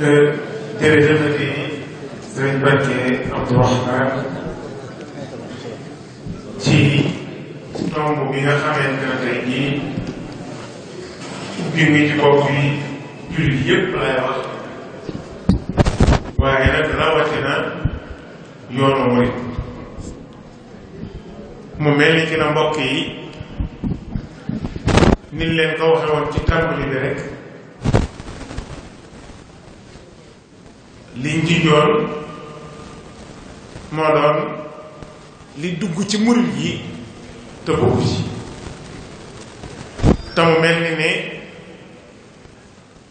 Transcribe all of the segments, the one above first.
jërëjëf di sëriñ Mbacke Abdou Rahman ci tomb bi nga xamante ne tey jii ubbi ngi ci yi jullit yëpp lay wax waaye nag rawatina yoonu murit mu mel ni ki na mbokk yi ni leen ko waxee woon ci tàmbali bi rek liñ ci moo doon li dugg ci murit yi te bokk ci mel ni ne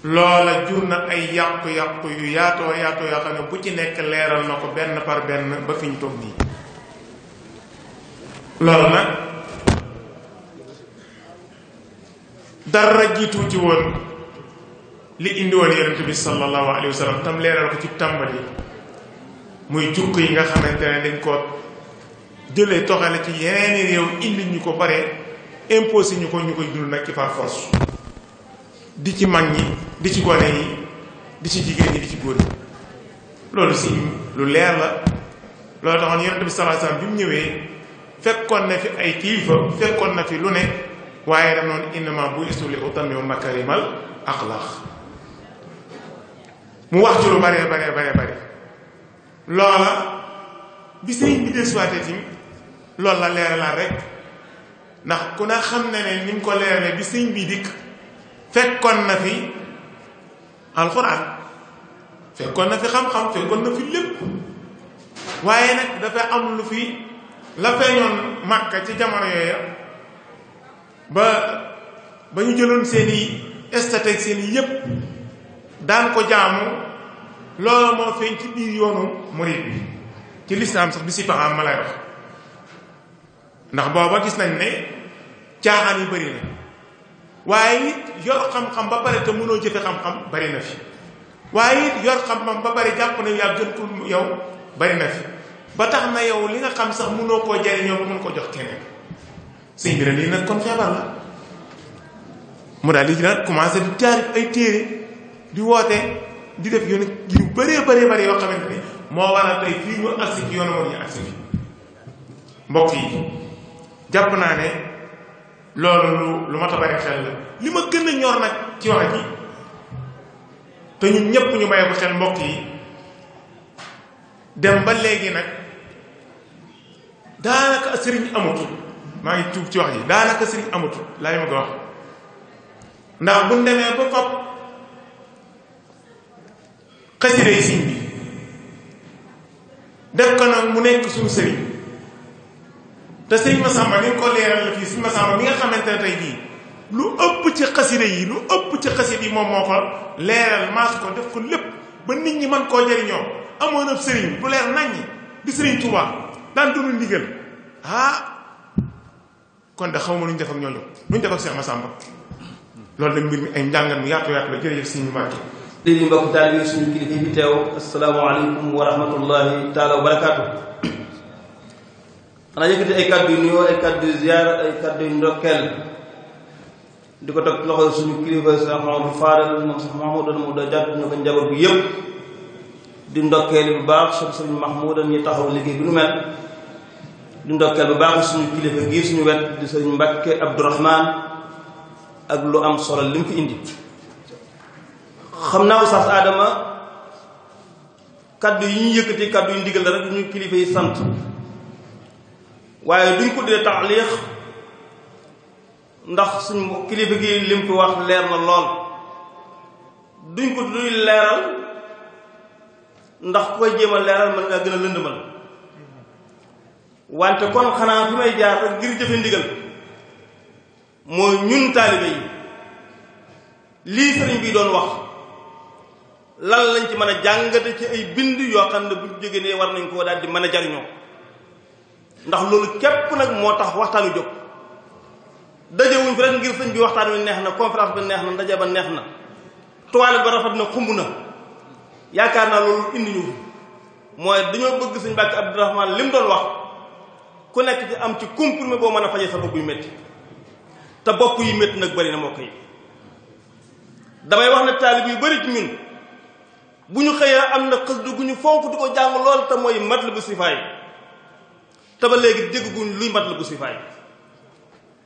loola jur na ay yàqu-yàqu yu yaatoo yaatoo yoo xam ne bu ci nekk leeral na ko benn par benn ba fi ñu toog nii loolu nag dara jiitu ci woon li indi woon yonent bi sallallahu alayhi wa sallam ko ci tàmbali muy jukk yi nga xamante ne dañ ko jële toxale ci yeneen réew indi ñu ko bare imposé ñu ko ñu koy dund nag ci par di ci mag ñi di ci gone yi di ci jigéen ñi di ci góor ñi loolu si lu leer la loolu taxoon yonent bi sallallahu alayhi bi mu ñëwee fekkoon na fi ay kilifa fekkoon na fi lu ne waaye daf noonu innama bu istuli utami makarimal axlaq mu wax ci lu baree baree baree bari loola bi sëriñ bi dee suwaatee tamit loolu la leeralaat rek ndax ku na xam ne ni mu ko leeralee bi sëriñ bi dikk fekkoon na fi alxuraan fekkoon na fi xam-xam fekkoon na fi lépp waaye nag dafa am lu fi la feeñoon màkka ci jamono yooya ba ba ñu jëloon seeni i statistiques seen yépp daan ko jaamu loolu moo feeñ ci biir yoonu murid bi ci lislaam sax bi si paxam ma lay wax ndax booba gis nañ ne caaxaan yu bëri na waaye nit yor xam-xam ba pare te mënoo jëfe xam-xam bëri na fi waaye it yor xam-xam ba bari jàpp na yaa gën yow bari na fi ba tax na yow li nga xam sax mënoo koo jariñoo ba mën ko jox keneen sëñ bi na lii nag kon feebar la mu daal di nag commencé di taarif ay téere di woote di def yoon yu bëree bëree bëri yoo xamante ni moo waral tey fii ñu agsi ci yoonu moo ñu agsi mbokk yi jàpp naa ne loolu lu lu mat a bari xel li ma gën a ñor nag ci wax ji te ñun ñépp ñu bàyyi ko xel mbokk yi dem ba léegi nag daanaka sëriñ amatul maa ngi tuub ci wax ji daanaka sëriñ amatul laay ma ko wax ndax bu demee ba fop xasiday siñ bi def ko nag mu nekk suñu sëriñ te sëñ Masamba ni ko leeral la fii sëñ Masamba mi nga xamante ne tey jii lu ëpp ci xasida yi lu ëpp ci xasid yi moom moo ko leeral maas ko def ko lépp ba nit ñi man koo jëriñoo amoon ab sëriñ bu leer naññi di sëriñ Tuubaa daan dund ndigal ah kon de xaw ma nu ñu def ak ñooñu nu ñu def ak Cheikh loolu nag mbir mi ay njàngat mu yaatu yaatu la jërëjëf sëñ Mbàkke dégg ñu mbokk taal bi suñu kilifa bi teew asalaamaaleykum wa rahmatullahi taala barakaatu xanaa yëkkati ay kàddu yu ay kàddu yu ay kàddu ndokkeel di ko teg loxo suñu kilifa sax Mahamadou Faadal moom sax Mahamadou mu da jàpp ñu ko bi yëpp di ndokkeel bu baax suñu sëriñ Mahmoudan ñu taxaw liggéey bi nu mel di bu baax suñu kilifa gii suñu wet di sëriñ Mbàkke Abdourahman ak lu am solo li mu fi indi xam naa oustaz Adama kaddu yi ñu yëkkati kaddu yu ndigal la rek ñu kilifa yi sant waaye duñ ko dee taxliix ndax suñu kilifa gi lim fi wax leer na lool duñ ko duy leeral ndax ku koy jéem a leeral mën ngaa gën a lëndëmal wante kon xanaa fi may jaar rek ngir jëfe ndigal mooy ñun taalibe yi lii sëriñ bi doon wax lan lañ ci mën a jàngate ci ay bind yoo xam ne bu ñu jógee ne war nañ koo daal di mën a jariñoo ndax loolu képp nag moo tax waxtaan wi jóg dajewuñ fi rek ngir sëñ bi waxtaan wi neex na conférence bi neex na ndaje ba neex na toile ba rafet na xumb na yaakaar naa loolu indi ñu mooy dañoo bëgg sëñ Mbàkke Abdourahmane li doon wax ku nekk ci am ci comprimé boo mën a faje sa bopp yu métti te bopp yi métti nag bari na mbokk yi damay wax na taalib yu bëri ci bu ñu xëyee am na xasida gu ñu fonk di ko jàng lool te mooy Matlabu Sifaay te ba léegi dégguñ luy Matlabu Sifaay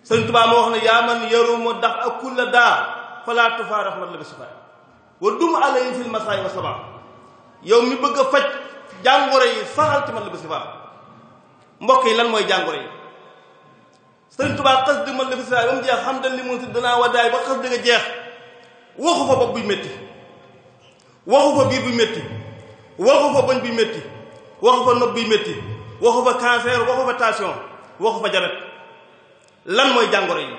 Sëriñ Tuubaa moo wax ne yaa man yaruma dax ak kulla daa falaa tufaarax Matlabu Sifaay wa dum alayhi fil masaay wa sabaa yow mi bëgg a faj jàngoro yi saxal ci Matlabu Sifaay mbokk yi lan mooy jàngoro yi Sëriñ Tuubaa xasida Matlabu Sifaay ba mu jeex xam dal li si danaa waddaay ba xasida nga jeex waxu fa bopp buy métti waxu fa biir bi metti waxu fa bëñ bi metti waxu fa nopp bi métti waxu fa cancer waxu fa tension waxu fa jabet lan mooy jàngoro yi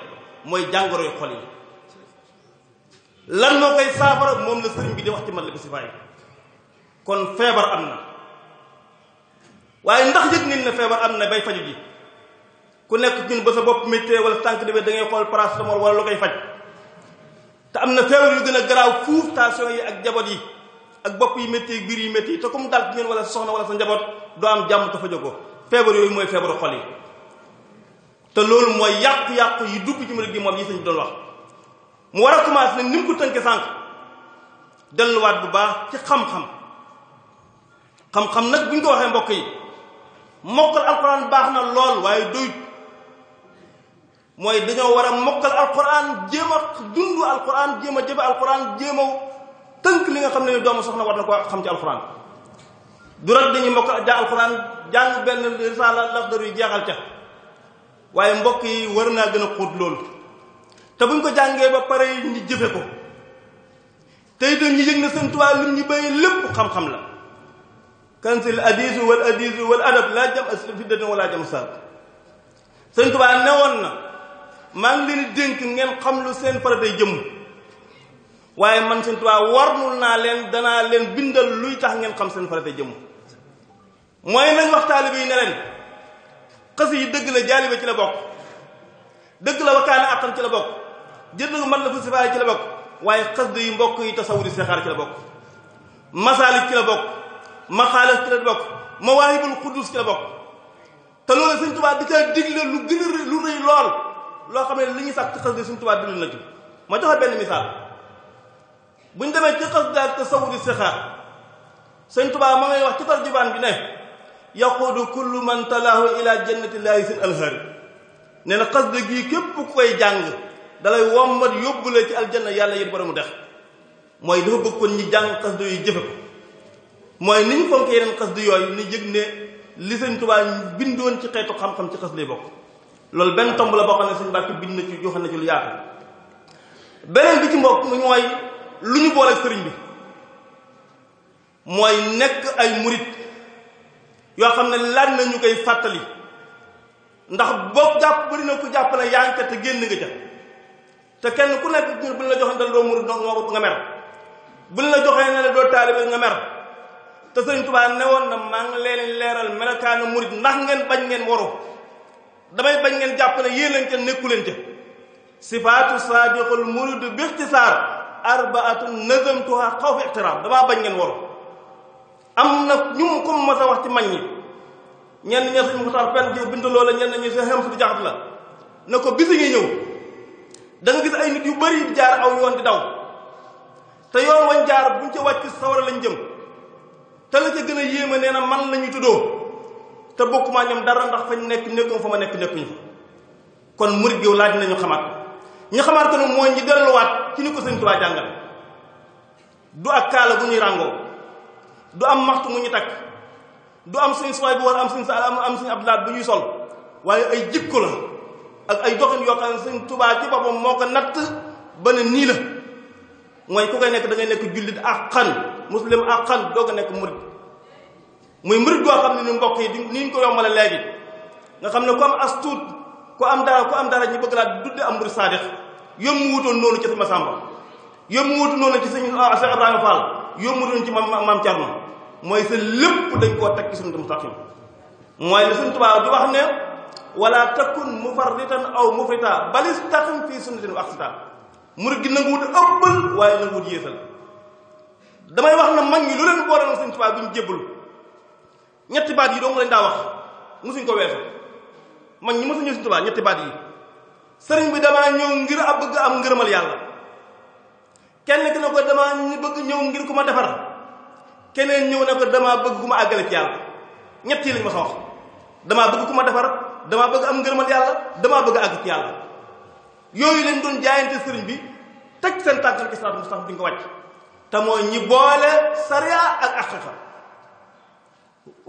mooy jàngoro yu xol yi lan moo koy saafara moom la sëriñ bi di wax ci mal la bi si faay kon feebar am na waaye ndax yëg nit ne feebar am na bay faju bi ku nekk ñun ba sa bopp méttee wala tànk demee da ngay xool paracetamol wala lu koy faj te am na feebar yu gën a garaaw fuuf tension yi ak jabot yi ak bopp yi métti ak biir yi métti te comme dal ngeen wala soxna wala sa njaboot doo am jàmm te fa jógoo feebar yooyu mooy feebaru xol yi te loolu mooy yàqu-yàqu yi dugg ci murid gi moom yi sañ doon wax mu war a commencé nag ni mu ko tënke sànq delluwaat bu baax ci xam-xam xam-xam nag bu ñu ko waxee mbokk yi mokkal alquran baax na lool waaye doyut mooy dañoo war a mokkal alquran jéem a dund alquran jéem a jëfe alquran jéem a tënk li nga xam ne doomu soxna war na ko xam ci alxuraan du rek dañuy mbokk ja alxuraan jàng benn risaala laf daruy jeexal ca waaye mbokk yi war naa gën a xóot loolu te buñ ko jàngee ba pare ñi jëfe ko te itam ñi yëg na seen tuwaa lim ñu bàyyi lépp xam-xam la kansil adisu wal adisu wal adab laa jam as fiddatin walaa jam saab seen tuwaa newoon na maa ngi leen dénk ngeen xam lu seen day jëmm waaye man seen Tuubaa warnul naa leen danaa leen bindal luy tax ngeen xam seen farata jëmm mooy nañ wax taalibe yi ne leen xës yi dëgg la jaalibe ci la bokk dëgg la wakkaane attan ci la bokk jënd man la fu sifaay ci la bokk waaye xës yi mbokk yi tasawuri sexaar ci la bokk masaalik ci la bokk maxaalis ci la bokk mawaahibul quddus ci la bokk te loolu seen Tuubaa di ca digle lu gën a lu rëy lool loo xam ne li ñuy sàkk xës yi seen Tuubaa digle na ci ma bu ñu demee ci xasida ak tasawudi sixaar sëñ Tuubaa ma ngay wax ci tarjubaan bi ne yaquudu kullu man talaahu ila jannatillaahi sin alxaari ne na xasida gii képp ku koy jàng dalay wommat yóbbule ci aljanna yàlla yit boromu dex mooy dafa bëgg kon ñi jàng xasida yu jëfe ko mooy ni ñu fonk yeneen xasida yooyu ni yëg ne li sëñ Tuubaa bindoon ci xeetu xam-xam ci xasida yi bokk loolu benn tomb la boo xam ne sëñ Mbàkke bind na ci joxe na ci lu yaatu beneen bi ci mbokk mooy lu ñu boole sëriñ bi mooy nekk ay murit yoo xam ne lan na ñu koy fàttali ndax boo jàpp bëri ku jàpp ne yaa ngi ca te génn nga ca te kenn ku nekk buñ la joxe dal doo murit doo nga mer buñ la joxee ne doo taalibe nga mer te sëriñ ne woon na maa ngi leen leeral melokaanu murit ndax ngeen bañ ngeen waru damay bañ ngeen jàpp ne yéen lañ ca nekku leen ca sifaatu saadiqul murid bi ixtisaar arbaatun nazamtuha xawfa ixtiraam damaa bañ ngeen waru am na ñu mu comme ma sa wax ci mañ yi ñenn ña suñ Muxtaar Penn Juuf bind loola ñenn ñi sa xam su jaxat la na ko bis ngi ñëw da gis ay nit yu bari di jaar aw yoon di daw te yoon wañ jaar bu ca wàcc sawara lañ jëm te la ca gën a yéeme nee na man lañu tuddoo te bokkuma ñoom dara ndax fañ nekk nekkoon fa ma nekk nekkuñu fa kon murid yow laaj nañu xamaat ñi nga xamante ne mooy ñi delluwaat ci ni ko sëñ Tuubaa jàngal du ak kaala gu ñuy ràngoo du am maxtu mu ñu takk du am suñ suwaay bu war am suñ sa am suñ abdulaat bu ñuy sol waaye ay jikko la ak ay doxin yoo xam ne sëñ Tuubaa ci boppam moo ko natt ba ne nii la mooy ku koy nekk da ngay nekk jullit xan muslim àqan doo ko nekk murit muy murit goo xam ne ni mbokk yi ni ñu ko yombale léegi nga xam ne comme as tuut ku am dara ku am dara ñu bëgg laa dudde am mbir saadix yomb wutoon noonu ci sëñ Masamba yomb wutu noonu ci sëñ ah, Cheikh mooy sa lépp dañ koo teg ci suñu mustaqim mooy li suñu tubaab di xam ne. wala takun mufarritan aw mufrita bal istaqim fii sunnatin wa aqsita murid gi nanguwut ëppal waaye nanguwut yéesal damay wax na mag ñi lu leen boole na sëñ Tuubaa bu ñu ñetti baat yi dong lañ daa wax suñ ko weesu mañ ñi mësa ñëw Sëriñ ñetti baat yi sëriñ bi damaa ñëw ngir a bëgg am ngërëmal yàlla kenn ki ne ko damaa bëgg ñëw ngir ku ma defar keneen ñëw ne ko damaa bëgg ku ma àggale ci yàlla ñett yi ma sa damaa bëgg ku ma defar damaa bëgg am ngërëmal yàlla damaa bëgg àgg ci yàlla yooyu lañ doon jaayante sëriñ bi teg seen tànk ci sax mustaqiim bi nga ko wàcc te mooy ñi boole sariya ak aqiqa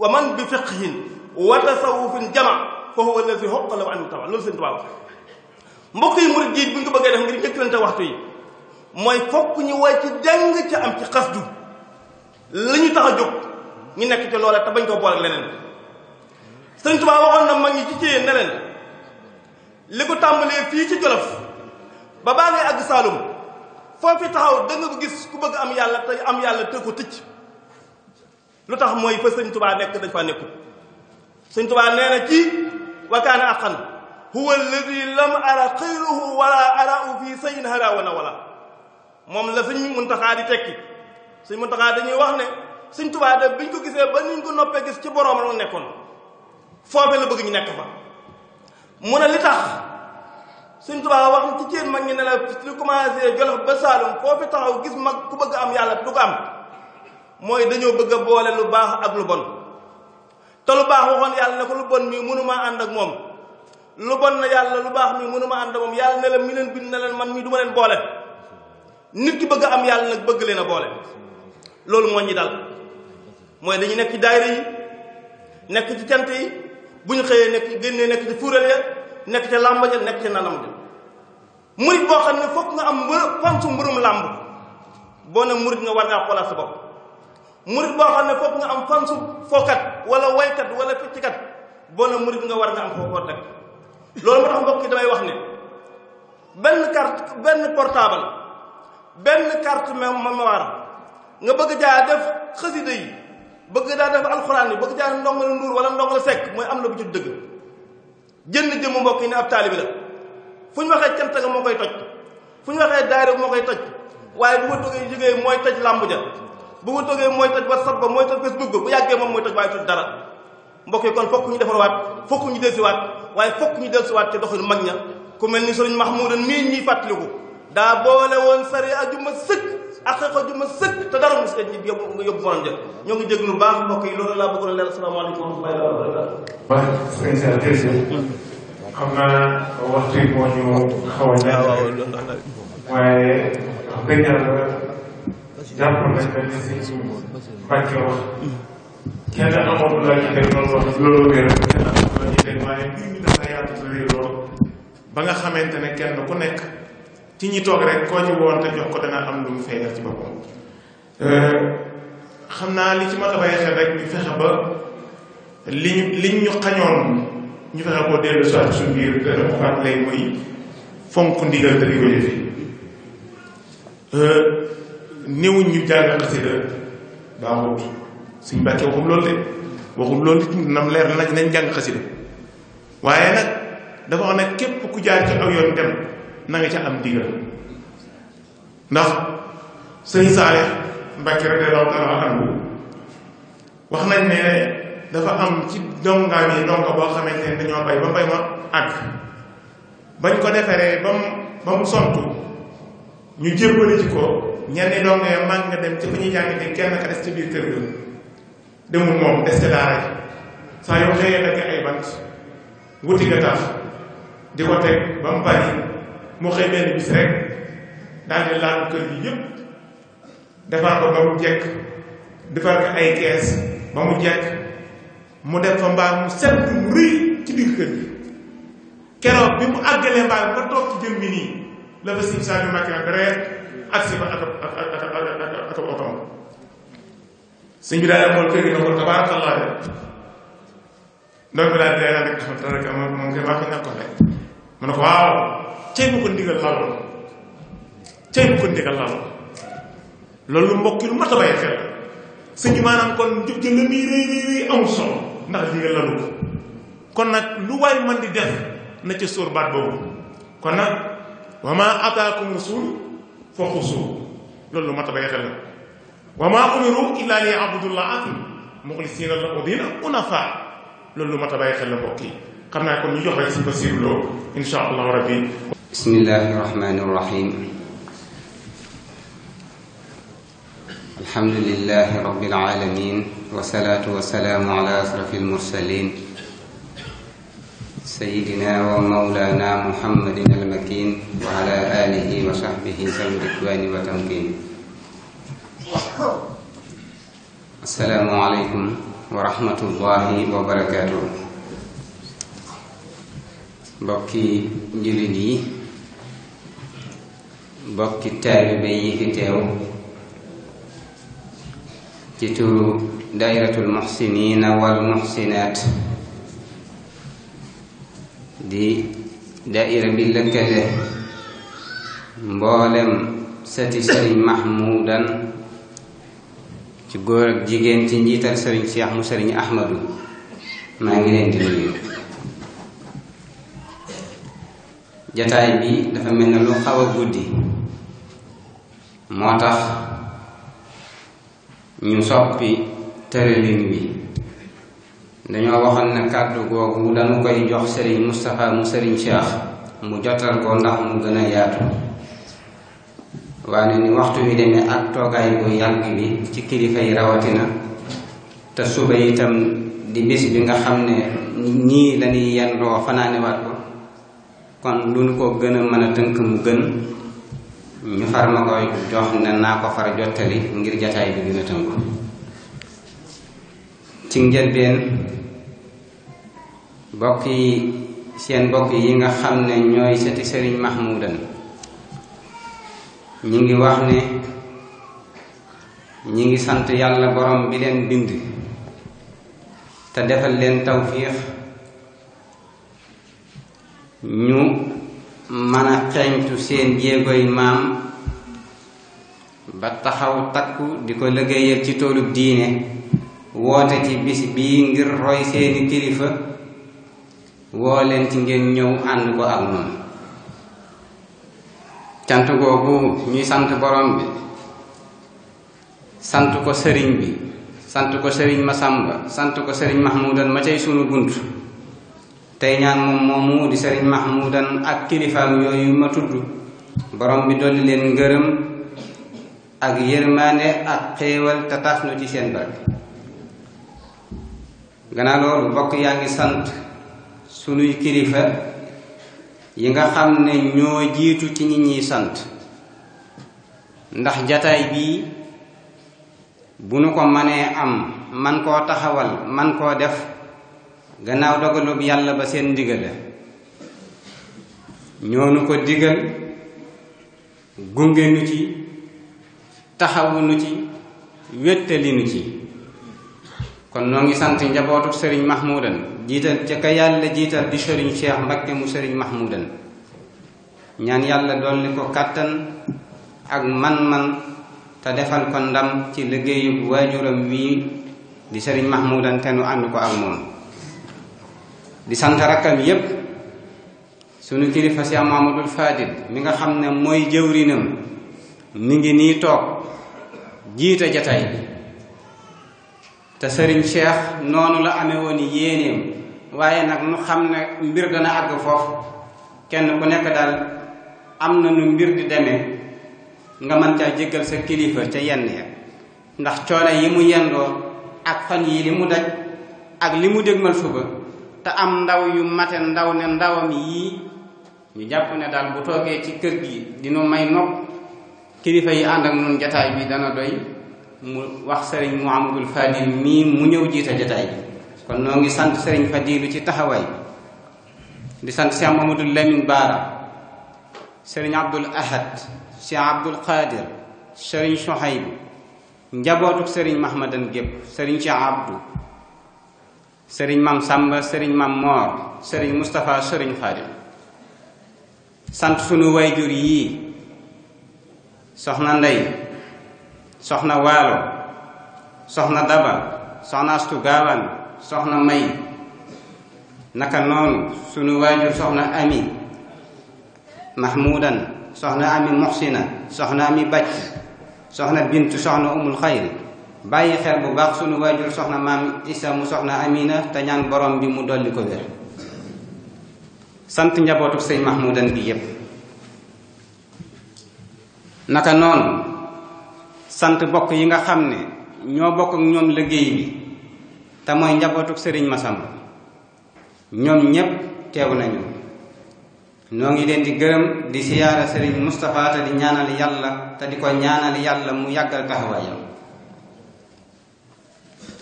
wa man bi fiqhin wa tasawufin jama fa huwa allazi huqqa la anhu tawa loolu sëñ Tuubaa wax mbokk yi murid yi bu ñu ko bëggee def ngir njëkkalante waxtu yi mooy fokk ñu way ci jàng ca am ci xasdu li ñu tax a jóg ñu nekk ci loola te bañ koo boole ak leneen sëñ Tuubaa waxoon na mag ñi ci ciyee ne li ko tàmbalee fii ci Jolof ba baa ngay àgg Saalum foofu taxaw da nga gis ku bëgg am yàlla te am yàlla te ko tëcc lu tax mooy fa sëñ Tuubaa nekk dañ faa nekkul sëñ Tuubaa nee na ci wa kaana haqqan huwa alladi lam ara xayruhu wala arau fi sayin hara wana wala moom la sëñ Muntaxaa di tekki sëñ Muntaxaa dañuy wax ne sëñ Tuubaa de biñ ko gisee ba niñ ko noppee gis ci boroom la nekkoon foofee la bëgg ñu nekk fa mu ne li tax sëñ Tuubaa wax ci céen mag ñi ne la lu commencé Jolof ba Saalum foofi taxaw gis mag ku bëgg am yàlla du ko am mooy dañoo bëgg a boole lu baax ak lu bon te lu baax waxoon yàlla ne ko lu bon mii mënumaa ànd ak moom lu bon na yàlla lu baax mii mënuma ànd ak moom yàlla ne la mi leen bind na leen man mii du ma leen boole nit ki bëgg a am yàlla nag bëgg leen a boole loolu moo ñi dal mooy dañu nekk ci daayira yi nekk ci cant yi bu ñu xëyee nekk génnee nekk ci fuural ya nekk ca làmb ja nekk ca nanam ja murit boo xam ne foog nga am mbër fansu mbërum làmb boo ne murit nga war naa xoolaat sa bopp murit boo xam ne foog nga am fansu fookat wala waykat wala fecckat boo ne murit nga war nga am foofoo teg loolu moo tax mbokk yi damay wax ne benn carte benn portable benn carte mémoire nga bëgg jaa def xasida yi bëgg daa def alxuraan yi bëgg jaa def ndongal nduur wala ndongal sekk mooy am na bu ci dëgg jënd jëmm mbokk yi ne ab taalibi la fu ñu waxee cant ga moo koy toj fu ñu waxee daayira moo koy toj waaye bu ma jógee jógee mooy toj làmbu ja bu mu toogee mooy toj whatsapp ba mooy toj facebook ba bu yàggee moom mooy toj waaye toj dara mbokk yi kon fokk ñu defarwaat fokk ñu delsiwaat waaye fokk ñu delsiwaat te doxinu mag ña ku mel ni sëriñ Mahmoudan mii ñuy fàttaliku daa boole woon sari ajuma sëkk aqiqa juma sëkk te dara mos leen yóbbu nga yóbbu borom jël ñoo ngi jéglu baax mbokk yi loolu laa bëggoon a leer asalaamaaleykum wa rahmatullahi wa barakatuh waaw sëriñ sa jërëjëf xam naa waxtu yi moo ñu xaw a ñàkk waaye wax dëgg yàlla jàpp nañ benn ci teg noonu wax loolu ba nga xamante ne kenn ku nekk ci ñi toog rek koo ci te jox ko dana am lu mu feeñal ci boppam xam naa li ci mën a bàyyi rek ñu fexe ba li ñu xañoon ñu fexe koo dellu si ak suñu biir dana ko fàttalay muy fonk ndigal te di ko jëfe néewuñ ñu jàng xasida baaxut suñ bàkkee waxul loolu de waxul loolu it nam leer na nañ jàng xasida waaye nag dafa wax ne képp ku jaar ci aw yoon dem na ca am digal ndax sëñ saale Mbàkke radiyallaahu taala anhu wax nañ ne dafa am ci dongaam yi ndonga boo xamante ne dañoo bay ba bay ma àgg bañ ko defaree ba mu ba mu sontu ñu jébbali ci ko ñenn dong ya mag nga dem ci fu ñuy jàng ci kenn ka des ci biir kër ga demul moom des ci daara ji saa yoo xëyee dagg ay bant wuti nga tax di ko teg ba mu bari mu xëy benn bis rek daal laal kër gi yëpp defar ko ba mu jekk defar ko ay kees ba mu jekk mu def fa mbaar mu set mu rëy ci biir kër gi keroog bi mu àggalee mbaar ba toog ci jëmmi nii la fa sëñ Saaliu Mbàkke nag ak si daal xool kër gi na ko tabaarakallah de ndaw bi daal day daal rek dafa dara moom moom kay maa ko ñàkkoon rek mu ko waaw cey bu ko ndigal laloon cey bu ko ndigal laloon loolu mbokk lu mat a xel sëñ bi maanaam kon jëf jël la muy rëy rëy rëy solo ndax ndigal lalu ko kon nag lu waay mën di def na ca sóor baat boobu kon nag wa ma ataakum rasul fa xusuuhu loolu lu mat a bàyyi xel la wa ma umiru illa li abudullah akim muxlisina lahu dina unafa loolu lu mat a bàyyi xel la mbokk yi xam naa kon ñu jox rek si Basiru Lo insha allahu rabbi bismillahi rahmani rahim alhamdulillahi rabbil alamin wasalaatu wasalaamu ala asrafi almursalin سيدنا ومولانا محمد المكين وعلى آله وصحبه ذوي الإكوان والتمكين السلام عليكم ورحمة الله وبركاته mbokki njëriñ yi mbokki taalibe yi fi teew ci turu dairatul muxsiniina wal muxsinaat di daaira bi lëkkale mboolem sati sëriñ Mahmoudan ci góor ak jigéen ci njiital sëriñ Cheikh mu sëriñ Ahmadu maa ngi leen di nuyu jataay bi dafa mel ne lu xaw guddi moo tax ñu soppi tëralin wi dañoo waxal ne kàddu googu dañu koy jox sëriñ Moustapha mu sëriñ Cheikh mu jotal ko ndax mu gën a yaatu waane ni waxtu wi demee ak toogaay bu yàgg bi ci kilifa yi rawatina te suba itam di bis bi nga xam ne ñii lañuy yendoo fanaanewaat ko kon lu ñu ko gën a mën a tënk mu gën ñu far ma koy jox ne naa ko far jottali ngir jataay bi gën a tënku ci njëlbeen bokk yi seen mbokk yi nga xam ne ñooy sëti sëriñ Mahmoudan ñi ngi wax ne ñi ngi sant yàlla borom bi leen bind te defal leen tawfiix ñu mën a xeeñtu seen jéegoy maam ba taxaw takku di ko liggéeyal ci toolub diine woote ci bis bii ngir roy seeni kilifa woo leen ci ngeen ñëw ànd ko ak nun cant googu ñuy sant borom bi sant ko sëriñ bi sant ko sëriñ Masamba sant ko sëriñ Mahmoudan ma cay sunu bunt tey ñaan moom moomu di sëriñ Mahmoudan ak kilifaam yooyu ma tudd borom bi dolli leen ngërëm ak yërmaande ak xéewal te nu ci seen barke gannaaw loolu mbokk yaa ngi sant sunuy kilifa yi nga xam ne ñoo jiitu ci ñi ñuy sant ndax jataay bii bu nu ko manee am man koo taxawal man koo def gannaaw dogalub yàlla ba seen ndigale ñoo nu ko digal gunge nu ci taxawu nu ci wéttali nu ci kon noo ngi sant njabootu sëriñ mahmudan jiital ca ka yàlla jiital di sëriñ cheikh mbakke mu sëriñ mahmudan ñaan yàlla dolli ko kàttan ak man-man te defal ko ndam ci liggéeyu waajuram wii di sëriñ mahmudan te nu ànd ko ak moom di sant rakkam yépp sunu kilifa si Mamadul Fadil mi nga xam ne mooy jëwrinam mi ngi nii toog jiite jataay bi te sëriñ Cheikh noonu la amee woon yéeneem waaye nag nu xam ne mbir dana àgg foofu kenn ku nekk daal am na nu mbir di demee nga mën caa jéggal sa kilifa ca yenn ya ndax coono yi mu yendoo ak fan yi li mu daj ak li mu dégmal suba te am ndaw yu mate ndaw ne ndawam yii ñu jàpp ne daal bu toogee ci kër gi dinu may nopp kilifa yi ànd ak nun jataay bi dana doy mu wax sëriñ Mouhamadul Fadil mii mu ñëw jiite jataay bi kon noo ngi sant sëriñ Fadilu ci taxawaay di sant Cheikh Mamadou Lamine Baara sëriñ Abdul Ahad Cheikh Abdul Qadir sëriñ Sohaybu njabootuk sëriñ Mahmadan gépp sëriñ Cheikh Abdou sëriñ Mam Samba sëriñ Mam Moor sëriñ Moustapha sëriñ Xaadim sant sunu wayjur yii soxna Ndey soxna waalo soxna daba soxna astu gaawaan soxna may naka noonu sunu waajur soxna ami mahmudan soxna ami muxsina soxna ami bàcc soxna bintu soxna umul xayri bàyyi xel bu baax suñu waajur soxna maam isa mu soxna amina te ñaan borom bi mu dolli ko wér sant njabootu sëñ mahmudan bi yépp naka noonu sant bokk yi nga xam ne ñoo bokk ak ñoom liggéey bi te mooy njabootuk sëriñ Masamba ñoom ñépp teew nañu noo ngi leen di gërëm di siyaara sëriñ Moustapha te di ñaanal yàlla te di ko ñaanal yàlla mu yàggal taxawaayam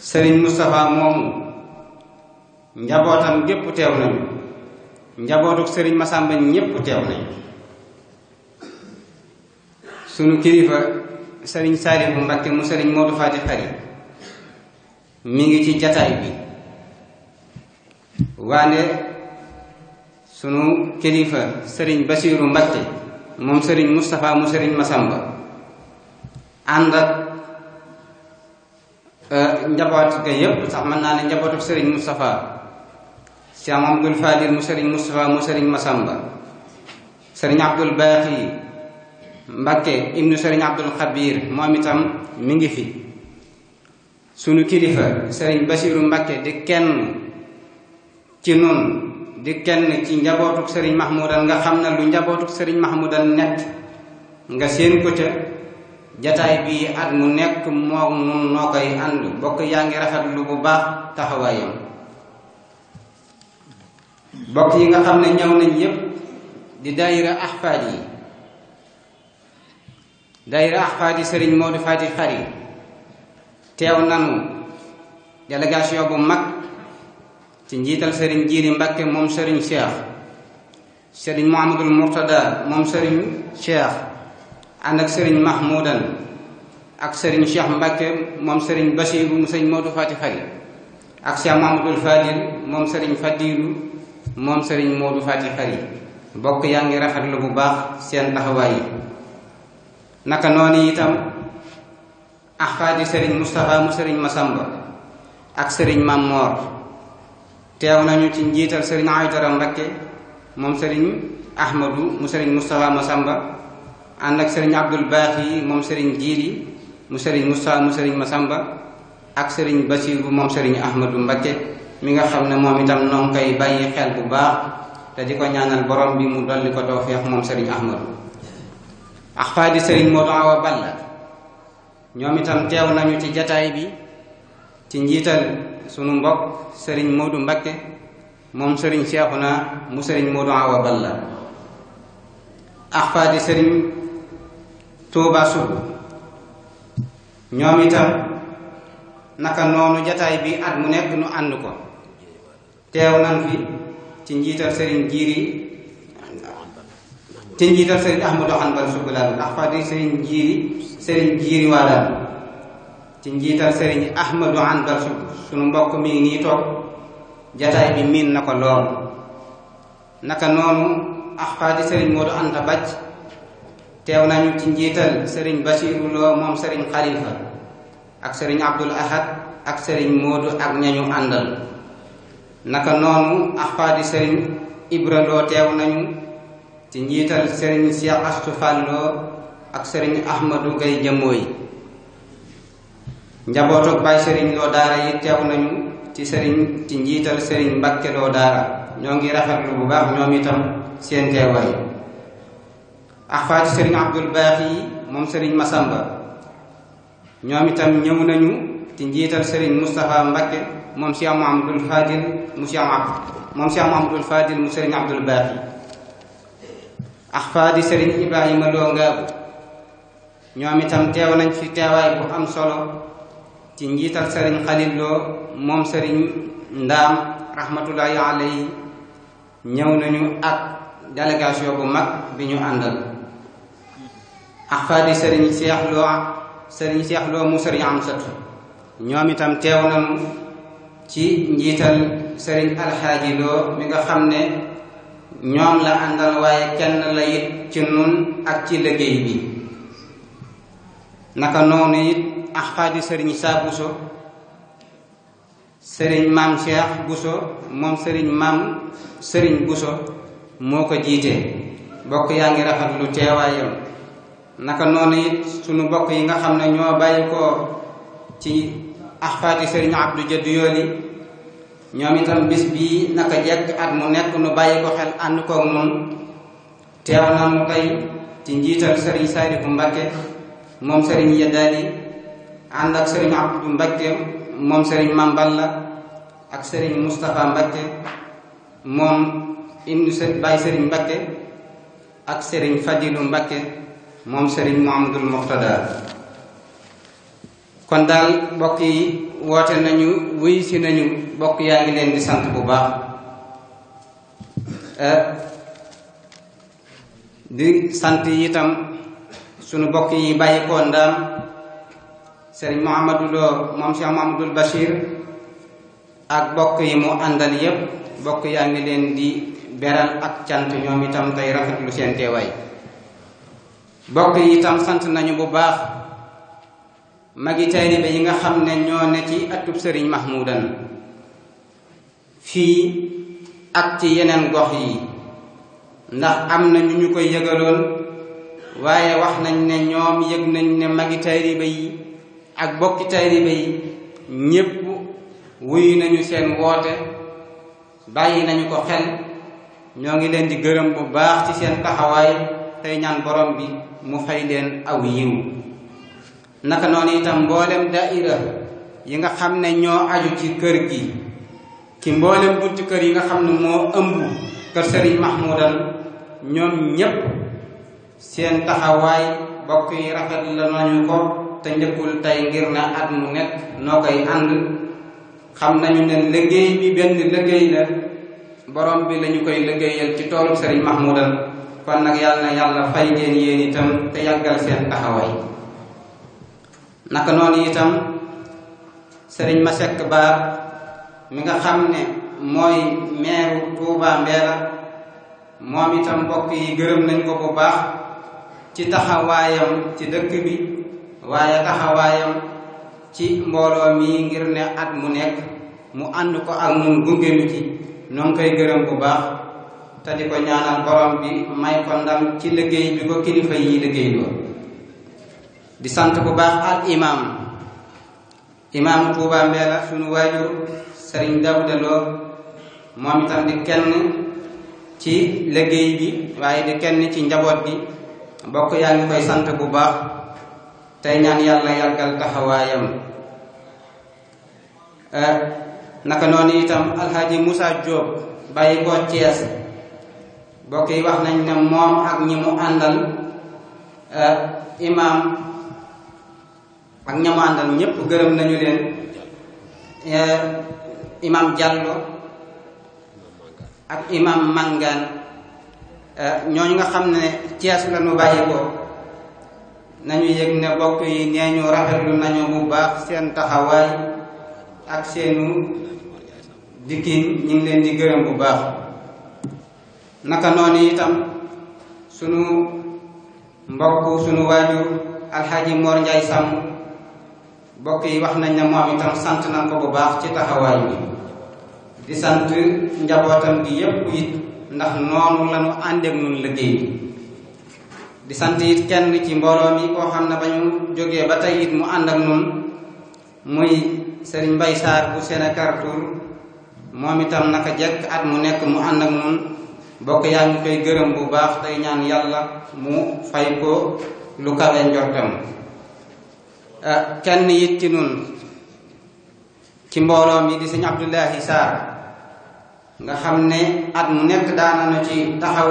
sëriñ Moustapha moomu njabootam gépp teew nañu njabootuk sëriñ Masamba ñépp teew nañu sunu kilifa sëriñ Saalihu Mbakke mu sëriñ Moodu Faati Xari mi ngi ci jataay bi waane sunu kilifa sëriñ Basiiru Mbakke moom sëriñ Mustapha mu sëriñ Masamba ànd euh, njaboot ga yépp sax mën naa ne njabootu sëriñ Mustapha Cheikh Abdul Faadil mu sëriñ Mustapha mu sëriñ Masamba sëriñ Abdul Baaxi Mbakke ibnu Serigne Abdul Xabir moom itam mi ngi fi sunu kilifa Serigne Basiiru Mbakke di kenn ci nun di kenn ci njabootuk Serigne Mahmoudane nga xam na lu njabootuk Serigne Mahmoudane nekk nga seen ko ca jataay bi at mu nekk moo nun noo koy ànd bokk yaa ngi rafet lu bu baax taxawaayam bokk yi nga xam ne ñëw nañ yépp di daayira ahfaad yi daayira ahfaadi sëriñ Moodu Faati Xari teew nanu délégation bu mag ci njiital sëriñ Jiiri Mbàkke moom sëriñ Cheikh sëriñ Muhammadul Murtada moom sëriñ Cheikh ànd ak sëriñ Mahmoudan ak sëriñ Cheikh Mbàkke moom sëriñ Basiiru mu sëriñ Moodu Faati Xari ak Cheikh Muhammadul Fadil moom sëriñ Fadilu moom sëriñ Moodu Faati Xari bokk yaa ngi rafetlu bu baax seen taxawaay yi naka noonu itam axfaadi sëriñ Moustapha mu sëriñ Masamba ak sëriñ Mamor teew nañu ci njiital sëriñ Aydara Mbakke moom sëriñ Ahmadu mu sëriñ Moustapha Masamba ànd ak sëriñ Abdul moom sëriñ Jiili mu sëriñ Moustapha mu sëriñ Masamba ak sëriñ Basiiru moom sëriñ Ahmadu Mbakke mi nga xam ne moom itam noo ngi koy bàyyi xel bu baax te di ko ñaanal borom bi mu dolli ko tawfeex moom sëriñ Ahmadu axfaadi sëriñ Modou Awa Balla ñoom itam teew nañu ci jataay bi ci njiital sunu mbokk sëriñ Modou Mbakke moom sëriñ Seexuna mu sëriñ Modou Awa Balla axfaadi sëriñ Touba Sougou ñoom itam naka noonu jataay bi at mu nekk nu ànd ko teew nan fi ci njiital sëriñ Jiiri te njiital sëriñ Ahmadou Hanbal Soucoulane ndax fa di sëriñ jiiri sëriñ jiiri waa ci njiital sëriñ Ahmadou sunu mbokk mi ngi nii toog jataay bi miin na ko lool naka noonu axfaadi sëriñ Modou Anta teew nañu ci njiital sëriñ Basiru Lo moom sëriñ Xalifa ak sëriñ Abdul Ahad ak sëriñ Modou ak ñañu àndal naka noonu axfaadi sëriñ Ibra teew nañu ci njiital sëriñ Cheikh Astu Fàlloo ak sëriñ Ahmadou Gay Jamooy njabootuk Baay sëriñ Loo Daara yi teew nañu ci sëriñ ci njiital sëriñ Mbàkke Loo Daara ñoo ngi rafetlu bu baax ñoom itam seen teewaay ak faati sëriñ Abdul Baaxi moom sëriñ Masamba ñoom itam ñëw nañu ci njiital sëriñ Moustapha Mbacke moom Cheikh Mouhamadoul Fadil mu Cheikh moom Cheikh Mouhamadoul Fadil mu sëriñ Abdoul Baaxi axfaadi sëriñ Ibrahima Lo Ngaabu ñoom itam teew nañ fi teewaay bu am solo ci njiital sëriñ Xalil Lo moom sëriñ Ndaam rahmatullahi alayhi ñëw nañu ak délégation bu mag bi ñu àndal axfaadi sëriñ Cheikh sëriñ Cheikh mu sëriñ Amsatu ñoom itam teew nañu ci njiital sëriñ Alxaaji Lo nga xam ne ñoom la àndal waaye kenn la it ci nun ak ci liggéey bi naka noonu it axfaadi sëriñ saa buso sëriñ maam cheikh buso moom sëriñ maam sëriñ buso moo ko jiitee bokk yaa ngi rafet lu teewaayam naka noonu it sunu bokk yi nga xam ne ñoo bàyyi ko ci axfaadi sëriñ abdu jaddu yooli ñoom itam bis bii naka jekk at mu nekk nu bàyyi ko xel ànd koog noonu teew nañu tey ci njiital sëriñ Saalibu Mbakke moom sëriñ Yeddaali ànd ak sëriñ Abdu Mbakke moom sëriñ Mamballa ak sëriñ Moustapha Mbakke moom ibnu baay sëriñ Mbakke ak sëriñ Fadilu Mbakke moom sëriñ Muhammadul Muxtada kon daal mbokk yi woote nañu wuy si nañu bokk yaa ngi leen di sant bu baax eh, di sant itam sunu bokk yi bàyyi ko ndaam sëriñ Mouhamadou Lo moom Cheikh Mouhamadoul Bachir ak bokk yi mu àndal yépp bokk yaa ngi leen di beral ak cant ñoom itam tey rafetlu seen teewaay bokk yi itam sant nañu bu baax magi taalibe yi nga xam ne ñoo ne ci atub sëriñ Mahmoudan fii ak ci yeneen gox yi ndax am na ñu ñu koy yëgaloon waaye wax nañ ne ñoom yëg nañ ne magi taalibe yi ak bokki taalibe yi ñépp wuyu nañu seen woote bàyyi nañu ko xel ñoo ngi leen di gërëm bu baax ci seen taxawaay tey ñaan borom bi mu fay leen aw yiw naka noonu itam mboolem daayira yi nga xam ne ñoo aju ci kër gi ki mboolem bunti kër yi nga xam ne moo ëmb kër Serigne Mahmoudane ñoom ñépp seen taxawaay bokk yi rafet la nañu ko te njëkkul tey ngir na at mu nekk noo koy ànd xam nañu ne liggéey bi benn liggéey la borom bi lañu koy liggéeyal ci toolu sëriñ Mahmoudane kon nag yàlla na yàlla fay leen yéen itam te yàggal seen taxawaay naka noonu itam sëriñ Masek Baar mi nga xam ne mooy meeru Touba Mbélla moom itam mbokk yi gërëm nañ ko bu baax ci taxawaayam ci dëkk bi waaye taxawaayam ci mbooloo mi ngir ne at mu nekk mu ànd ko ak mu gunge nu ci ñoo ngi koy gërëm bu baax te di ko ñaanal borom bi may ko ndam ci liggéey bi ko kilifa yi liggéey loo di sant bu baax al imam imam Touba Mbella suñu waajur Serigne Daouda Lo moom itam di kenn ci liggéey bi waaye di kenn ci njaboot gi bokk yaa ngi koy sant bu baax tey ñaan yàlla yàggal taxawaayam eh, naka noonu itam alxaaji Moussa Diop bàyyi ko Thiès bokk wax nañ ne moom ak ñi mu àndal eh, imam ak ña mu ñépp gërëm nañu leen eh, imam Diallo ak imam Mangane eh, ñooñu nga xam ne Thiès la ñu bàyyi nañu yëg ne bokk yi nee ñu rafetlu nañu bu baax seen taxawaay ak seenu dikkiin ñu leen di gërëm bu baax naka noonu itam sunu mbokk sunu waajur alxaaji Mor Sàmm bokk yi wax nañ ne moom itam sant nañ ko bu baax ci taxawaay bi di sant njabootam gi yépp it ndax noonu lañu àndeek nun liggéey di sant it kenn ci mbooloo mi koo xam ne ba ñu jógee ba tey it mu ànd ak nun muy sëriñ Mbay Saar bu Sénécartour moom itam naka jekk at mu nekk mu ànd ak nun bokk yaa ngi koy gërëm bu baax tey ñaan yàlla mu fay ko lu kawe njortam Ah, kenn yit ci nun ci mbooloo mi di sëñ Abdullahi Sarr nga xam ne at mu nekk daananu ci taxaw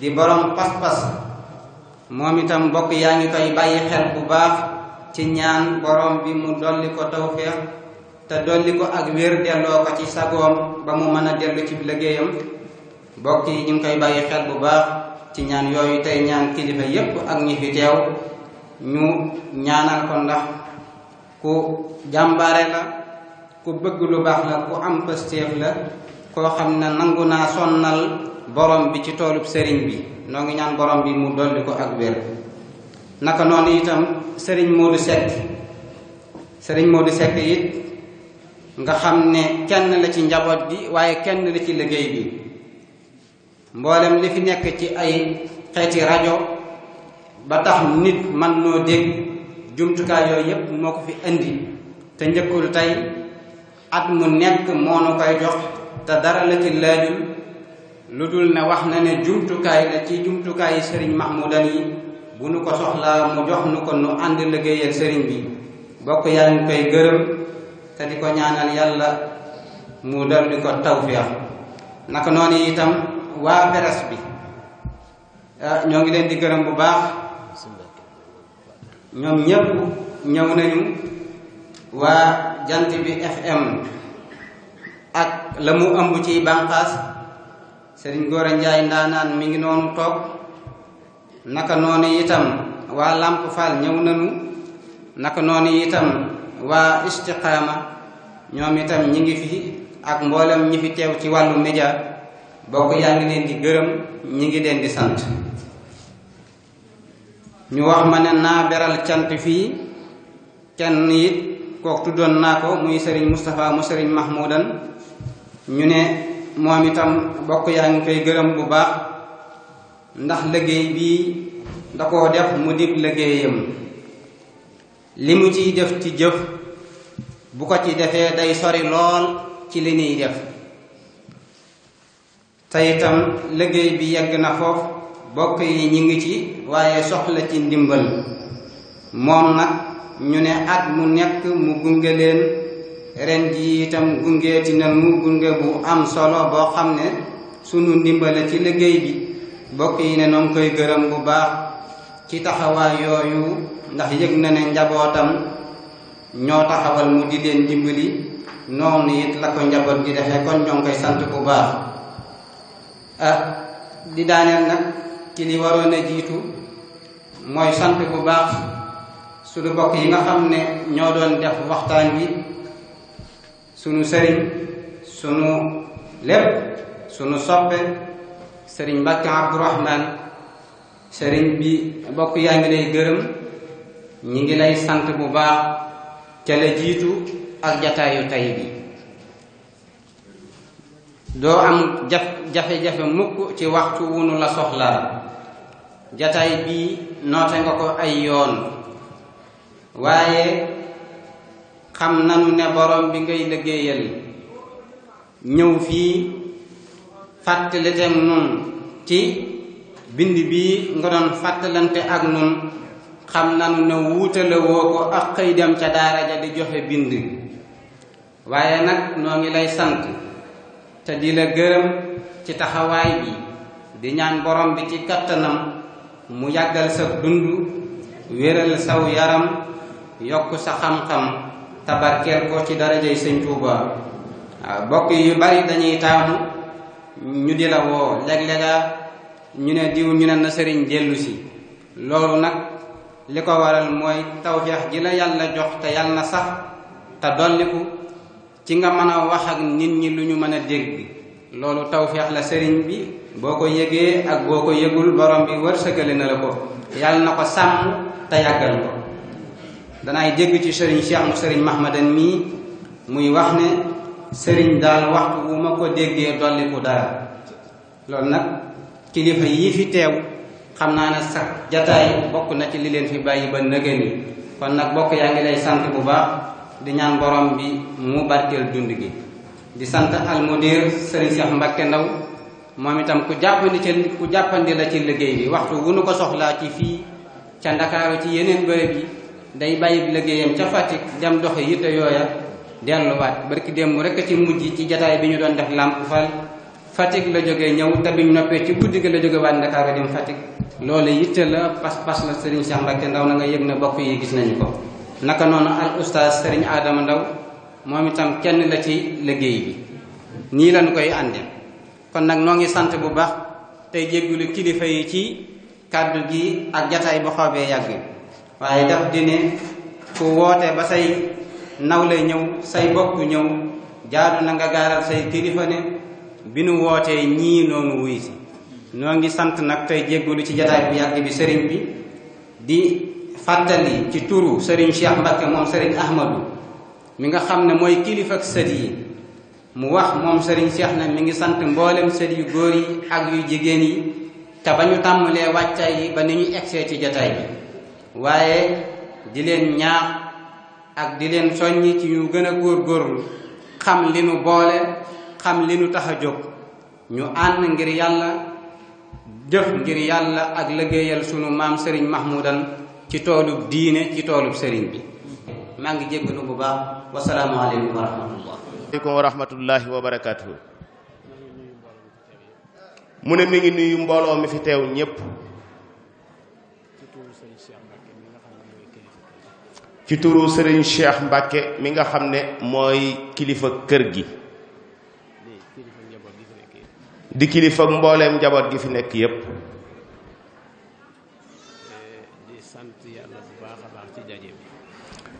di borom pas-pas moom itam mbokk yaa ngi koy bàyyi xel bu baax ci ñaan borom bi mu dolli ko tawféex te dolli ko ak wér delloo ko ci sagoom ba mu mën a dellu ci liggéeyam mbokk yi ñu ngi koy bàyyi xel bu baax ci ñaan yooyu tey ñaan kilifa yépp ak ñi fi teew ñu ñaanal ko ndax ku jàmbaare la ku bëgg lu baax la ku am pëstéef la koo xam ne nangu naa sonnal borom bi ci toolub sëriñ bi noo ngi ñaan borom bi mu dolli ko ak wér naka noonu itam sëriñ Modou Seck sëriñ Modou Seck it nga xam ne kenn la ci njaboot bi waaye kenn la ci liggéey bi mboolem li fi nekk ci ay xeeti rajo ba tax nit man noo dégg jumtukaay yooyu yépp moo ko fi indi te njëkkul tey at mu nekk moo nu koy jox te dara la ci lu dul ne wax na ne jumtukaay la ci jumtukaay yi sëriñ Mahmoudan yi bu nu ko soxlaa mu jox nu ko nu ànd liggéeyal sëriñ bi bokk yaa ngi koy gërëm te di ko ñaanal yàlla mu dal di ko tawfiix naka noonu itam waa presse bi ah, ñoo ngi leen di gërëm bu baax ñoom ñépp ñëw nañu waa jant bi fm ak la mu ëmb ci bànqaas Serigne Gora njaay ndaanaan mi ngi noonu toog naka noonu itam waa Lamp Fall ñëw nañu naka noonu itam waa istiqaama ñoom itam ñi ngi fi ak mboolem ñi fi teew ci wàllu média bokk yaa ngi leen di gërëm ñi ngi leen di sant ñu wax ma ne naa beral cant fii kenn it kook tuddoon naa ko muy sëriñ Moustapha mu sëriñ Mahmoudan ñu ne moom itam bokk yaa ngi koy gërëm bu baax ndax liggéey bii da koo def mu dib liggéeyam li mu ciy def ci jëf bu ko ci defee day sori lool ci li ñuy def te itam liggéey bi yegg na foofu bokk yi ñu ngi ci waaye soxla ci ndimbal moom nag ñu ne at mu nekk mu gunge leen ren ji itam gungeeti na mu gunge bu am solo boo xam ne sunu ndimbale ci liggéey bi bokk yi ne noonu koy gërëm bu baax ci taxawaay yooyu ndax yëg na ne njabootam ñoo taxawal mu di leen dimbali noonu it la ko njaboot di defee kon ñoo ngi koy sant bu baax ah di daaneel nag ci li waroon a jiitu mooy sant bu baax sunu bokk yi nga xam ne ñoo doon def waxtaan bi sunu sëriñ sunu lépp sunu soppe sëriñ Mbàkke Abdourahman sëriñ bi bokk yaa ngi lay gërëm ñi ngi lay sant bu baax ca la jiitu ak jataayu tay bi doo am jaf jafe-jafe mukk ci waxtu wunu la soxlaa jataay bii noote nga ko ay yoon waaye xam nanu ne borom bi ngay liggéeyal ñëw fii fàttaliteeg nun ci bind bi nga doon fàttalante ak nun xam nanu ne wuutale ko ak xëy dem ca daara ja di joxe bind waaye nag noo ngi lay sant te di la gërëm ci taxawaay bi di ñaan borom bi ci kàttanam mu yàggal sa dund wéral saw yaram yokk sa xam-xam tabarkeel ko ci darajay sëñ Tuuba waaw bokk yu bari dañuy taamu ñu di la woo léeg-léega ñu ne diw ñu ne na sëriñ dellu si loolu nag li ko waral mooy tawfeex ji la yàlla jox te yàlla na sax te dolliku ci nga mën a wax ak nit ñi lu ñu mën a dégg loolu tawfeex la sëriñ bi boo ko yëgee ak boo ko yëgul borom bi wërsëgale na la ko yàlla na ko sàmm te yàggal ko danaay dégg ci sëriñ Cheikh mu sëriñ Mahmadan mii muy wax ne sëriñ daal waxtu wu ma ko déggee dolliku dara loolu nag kilifa yii fi teew xam naa ne sax jataay bokk na ci li leen fi bàyyi ba nëgën yi kon nag bokk yaa ngi lay sant bu baax di ñaan borom bi mu barkeel dund gi di sant almudir sëriñ Cheikh Mbacke Ndaw moom itam ku jàppandi ca ku jàppandi la ci liggéey bi waxtu wu nu ko soxlaa ci fii ca ndakaaru ci yeneen bërëb yi day bàyyi liggéeyam ca Fatick dem doxi yitte yooya delluwaat barki démb rekk ci mujj ci jataay bi ñu doon def làmp fal Fatick la jóge ñëw te biñ noppee ci guddi gi la jóge waat ndakaaru dem Fatick loolu yitte la pas-pas la Serigne Cheikh Mbacké Ndaw na nga yëg ne bokk yi gis nañu ko naka noonu al oustaz Serigne Adama Ndaw moom itam kenn la ci liggéey bi nii lañ koy ànde kon nag noo ngi sant bu baax tey jéggulu kilifa yi ci kàddu gi ak jataay bu xawbee yàgg waaye daf di ne ku woote ba say nawle ñëw say bokk ñëw jaadu na nga gaaral say kilifa ne bi nu wootee ñii noonu wuy noo ngi sant nag tey jéggulu ci jataay bu yàgg bi sëriñ bi di fàttali ci turu sëriñ Cheikh Mbacké moom sëriñ Ahmadou mi nga xam ne mooy kilifa ak yi mu wax moom sëriñ Cheikh na mi ngi sant mboolem sët yu góor yi ak yu jigéen yi te ba ñu tàmmalee wàccaay yi ba ni ñu egsee ci jataay bi waaye di leen ñaax ak di leen soññi ci ñu gën a góorgóorlu xam li nu boole xam li nu tax a jóg ñu ànd ngir yàlla jëf ngir yàlla ak liggéeyal sunu maam sëriñ Mahmoudan ci toolub diine ci toolub sëriñ bi maa ngi jéggalu bu baax wasalaamualeykum wa rahmatullah aleykum wa rahmatullahi wa mu ne mi ngi nuyu mbooloo mi fi teew ñépp ci turu sëriñ Cheikh Mbacke mi nga xam ne mooy kilifa kër gi di kilifa mbooleem njaboot gi fi nekk yépp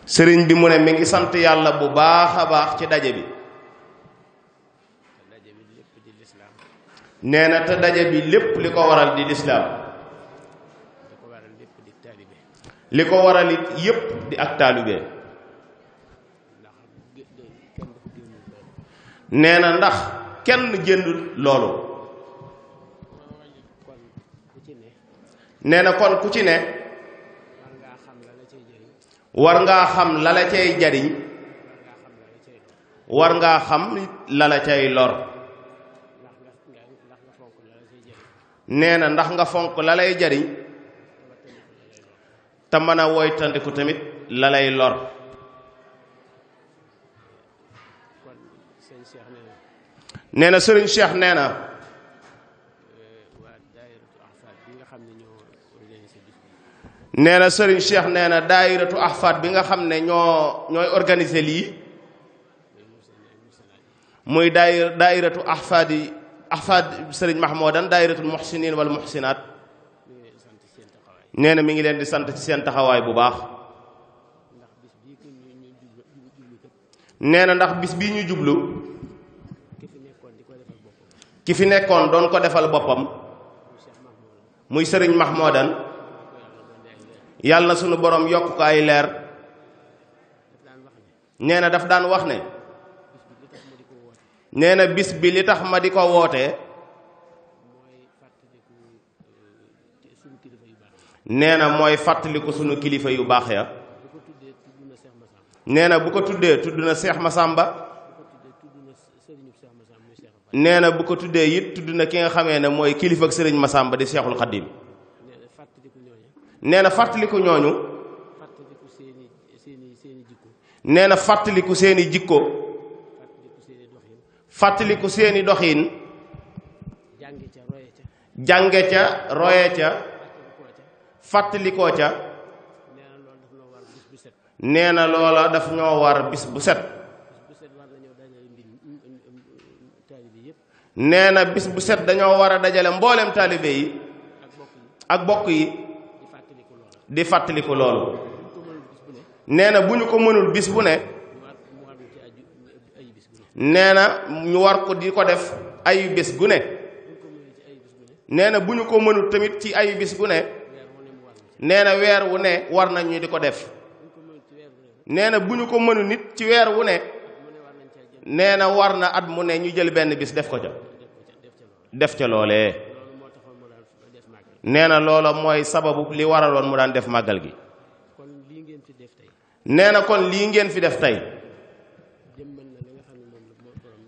sëriñ bi mu ne mi ngi sant yàlla bu baax baax ci daje bi nee na te bi lépp li ko waral di lislaam li ko waral it yépp di ak taalibe nee na ndax kenn jëndul loolu nee na kon ku ci ne war ngaa xam la jariñ war ngaa xam la lor nee na ndax nga fonk la lay jariñ te mën a woytandiku tamit la lay lor nee na sëriñ Cheikh nee na nee na sëriñ Cheikh nee na daayiratu ahfaat bi nga xam ne ñoo ñooy organise lii muy daayir daayiratu ahfaat ahfad sëriñ mahmoudan daayiratul muhsinin wal muhsinat nee na mi ngi leen di sant ci seen taxawaay bu baax nee na ndax bis bii ñu jublu ki fi nekkoon doon ko defal boppam muy sëriñ mahmoudan yàlla na sunu boroom yokk ko ay leer nee na daan wax ne nee na bis bi li tax ma di ko wootee nee na mooy fàttaliku sunu kilifa yu baax ya nee na bu ko tuddee tudd na Seex Masamba nee na bu ko tuddee it tudd na ki nga xamee ne mooy kilifa ak ma sàmba di Seexul Xaddim nee na fàttaliku ñooñu nee na fàttaliku seeni jikko fàttaliku seeni doxin jànge ca roye ca fàttalikoo ca nee na loola daf ñoo war bis bu set mm, mm, mm, nee na bis bu set dañoo war a dajale mboolem taalibe yi ak bokk yi di fàttaliku loolu nee bu ñu ko mënul bis bu ne nee na ñu war ko di ko def ay bis gu ne nee na bu ñu ko mënul tamit ci ay bis gu ne nee na weer wu ne war nañu di ko def nee na bu ñu ko mënul nit ci weer wu ne nee na war na at mu ne ñu jël benn bis def ko ca def ca loolee nee na mooy sababu li waraloon mu daan def màggal gi nee na kon lii ngeen fi def tey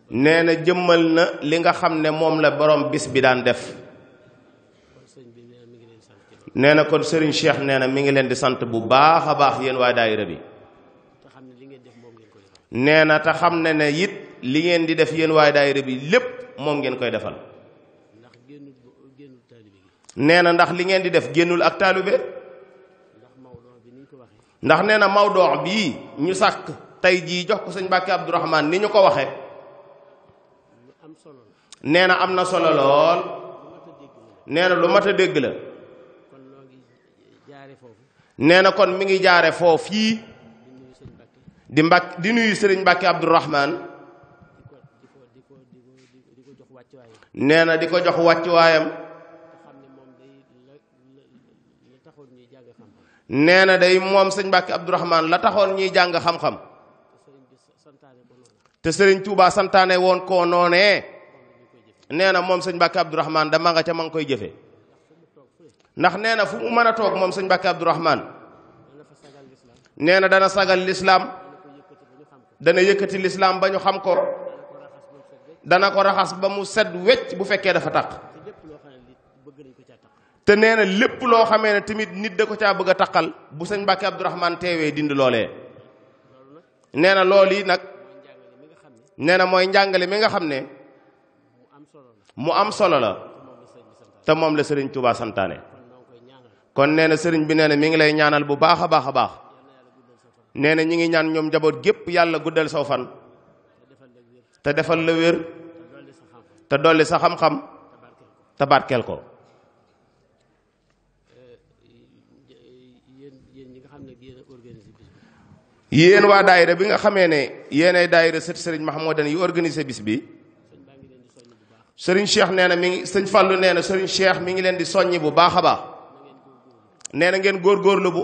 nee na jëmmal na li nga xam ne moom la borom bis bi daan def nee na kon sëriñ Cheikh nee na mi ngi leen di sant bu baax a baax yéen waa daayira bi nee na te xam ne ne it li ngeen di def yéen waa daayira bi lépp moom ngeen koy defal nee na ndax li ngeen di def génnul ak taalibe ndax nee na Maodo bii ñu sàkk tey jii jox ko sëñ Mbàkke Abdourahmane ni ñu ko waxee. nee na am na solo lool lu mat dégg la nee na kon mi ngi jaare foofu fii di mbàkk di nuyu sëriñ Mbàkke Abdourahman nee na di ko jox wàccuwaayam nee na day moom sëñ Mbàkke Abdourahman la taxoon ñuy jàng xam-xam te sëriñ Touba santaane woon koo noonee nee na moom sëñ Mbàkke Abdourahman dama nga ca ma ngi koy jëfe ndax nee na fu mu mën a toog moom sëñ Mbàkke Abdourahman nee na dana sagal lislaam dana yëkkati lislaam ba ñu xam ko dana ko raxas ba mu set wecc bu fekkee dafa taq te nee lépp loo xamee ne tamit nit da ko caa bëgg a taqal bu sëñ Mbàkke Abdourahman teewee dindi loole nee na loolu yi nag nee na mooy njàngale mi nga xam ne mu am solo la te moom la sëriñ Touba santaane kon nee na sëriñ bi nee na mi ngi lay ñaanal bu baax a baax a baax nee na ñi ngi ñaan ñoom njaboot gépp yàlla guddal saw fan te defal la wér te dolli sa xam-xam te barkeel ko yéen waa daayira bi nga xamee ne yéenay daayira sët sëriñ Mahmoudane yi organise bis bi sëriñ Cheikh nee na mi ngi sëñ Fallou nee na sëriñ Cheikh mi ngi leen di soññi bu baax a baax nee na ngeen góorgóorlu bu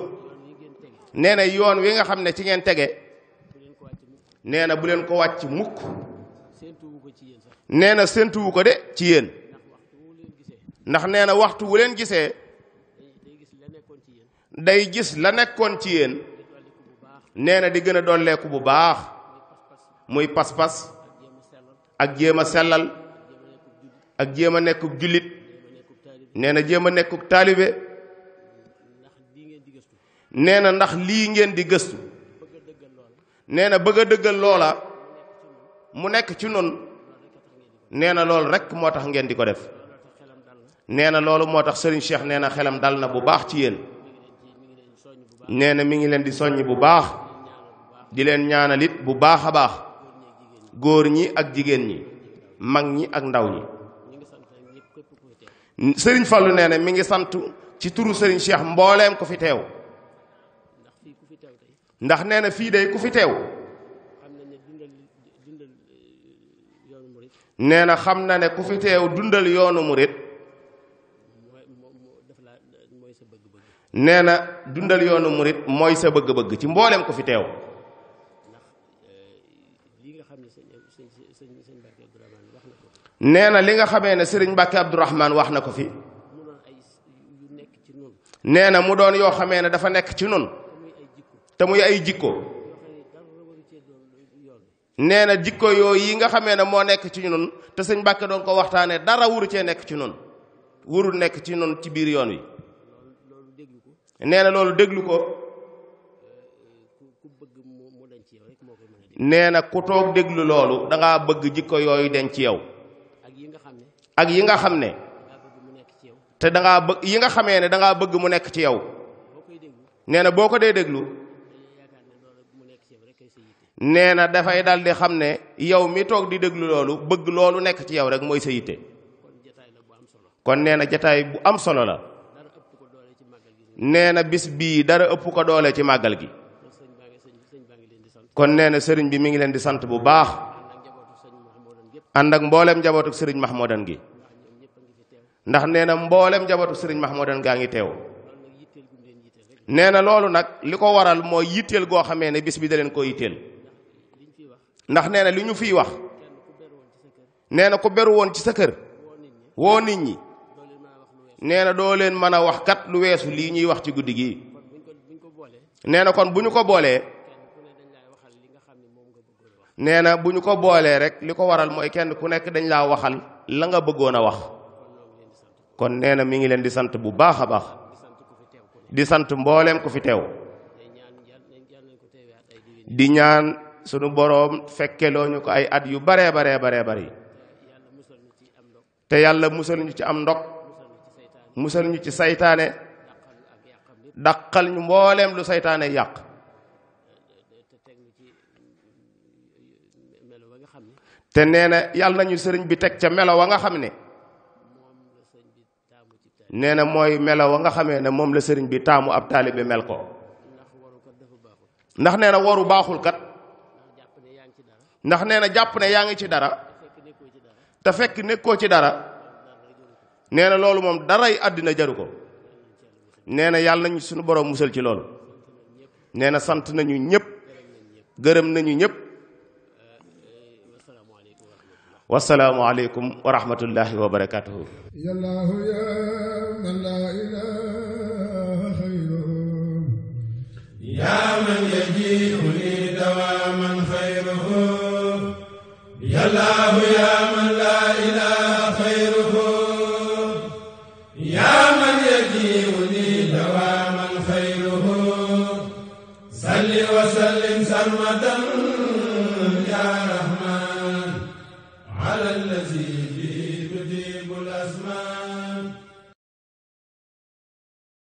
nee na yoon wi nga xam ne ci ngeen tege nee na bu leen ko wàcc mukk nee na séentuwu ko de ci yéen ndax nee na waxtu wu leen gisee day gis la nekkoon ci yéen nee na di gën a dolleeku bu baax muy pas-pas ak jéem a sellal ak jéem a nekkuk jullit nee na jéem a nekkuk taalibe nee na ndax lii ngeen di gëstu nee na bëgg a dëggal loola mu nekk ci nun nee na loolu rekk moo tax ngeen di ko def nee na loolu moo tax Serigne Cheikh nee na xelam dal na bu baax ci yéen nee na mi ngi leen di soññ bu baax di leen ñaanalit bu baax a baax góor ñi ak jigéen ñi mag ñi ak ndaw ñi sëriñ Fallu nee na mi ngi sant ci turu sëriñ Cheikh mbooleem ku fi teew ndax nee na fii day ku fi teew eh, nee na xam na ne ku fi teew dundal yoonu murit nee na dundal yoonu murit mooy sa bëgg-bëgg ci mbooleem ku fi teew nee na li nga xamee ne sëriñ Mbàkke Abdourahman wax na ko fi nee na mu doon yoo xamee ne dafa nekk ci nun te muy ay jikko nee na jikko yooyu yi nga xamee ne moo nekk ci nun te sëñ Mbàkke doon ko waxtaanee dara wuru cee nekk ci nun wurul nekk ci nun ci biir yoon wi nee na loolu déglu ko nee na ku déglu loolu da bëgg jikko yooyu denc yow ak yi nga xam ne te danga ngaa bëgg yi nga xamee ne da bëgg mu nekk ci yow nee na boo ko dee déglu nee na dafay dal di xam ne yow mi toog di déglu loolu bëgg loolu nekk ci yow rek mooy sa yitte kon nee na jataay bu am solo la nee na bis bii dara ëpp ko doole ci màggal gi kon nee sëriñ bi mi ngi leen di sant bu baax ànd ak mbooleem njabootuk sëriñ Mahmoudan gi ndax nee na mbooleem njabootuk sëriñ Mahmoudan gaa ngi teew nee na loolu nag li ko waral mooy yitteel goo xamee ne bis bi da leen koo yitteel ndax nee na li ñu fiy wax nee na ku beru woon ci sa kër woo nit ñi nee na doo leen mën a wax kat lu weesu lii ñuy wax ci guddi gi nee na kon bu ñu ko boolee nee na bu ñu ko boolee rek li ko waral mooy kenn ku nekk dañ laa waxal la nga bëggoon a wax kon nee na mi ngi leen di sant bu baax a baax di sant mbooleem ku fi teew di ñaan sunu boroom fekkeloo ñu ko ay at yu baree baree baree bari te yàlla musal ñu ci am ndog musal ñu ci seytaane dàqal ñu mbooleem lu saytaane yàq te nee na yàlla nañu sëriñ bi teg ca melo wa nga xam ne nee na mooy melo wa nga xamee ne moom la sëriñ bi taamu ab taalibe mel ko ndax nee waru baaxul kat ndax nee na jàpp ne yaa ngi ci dara te fekk nekkoo ci dara nee na loolu moom daray àddina jaru ko nee na yàlla nañu suñu borom musal ci loolu nee na sant nañu ñépp gërëm nañu ñëpp wasalaamu aleykum wa rahmatullahi wa barakaatuhu yallaahu yaa man laa ilaaha xayruhu yaa man yajiihu li dawaaman xayruhu yallaahu yaa man laa ilaaha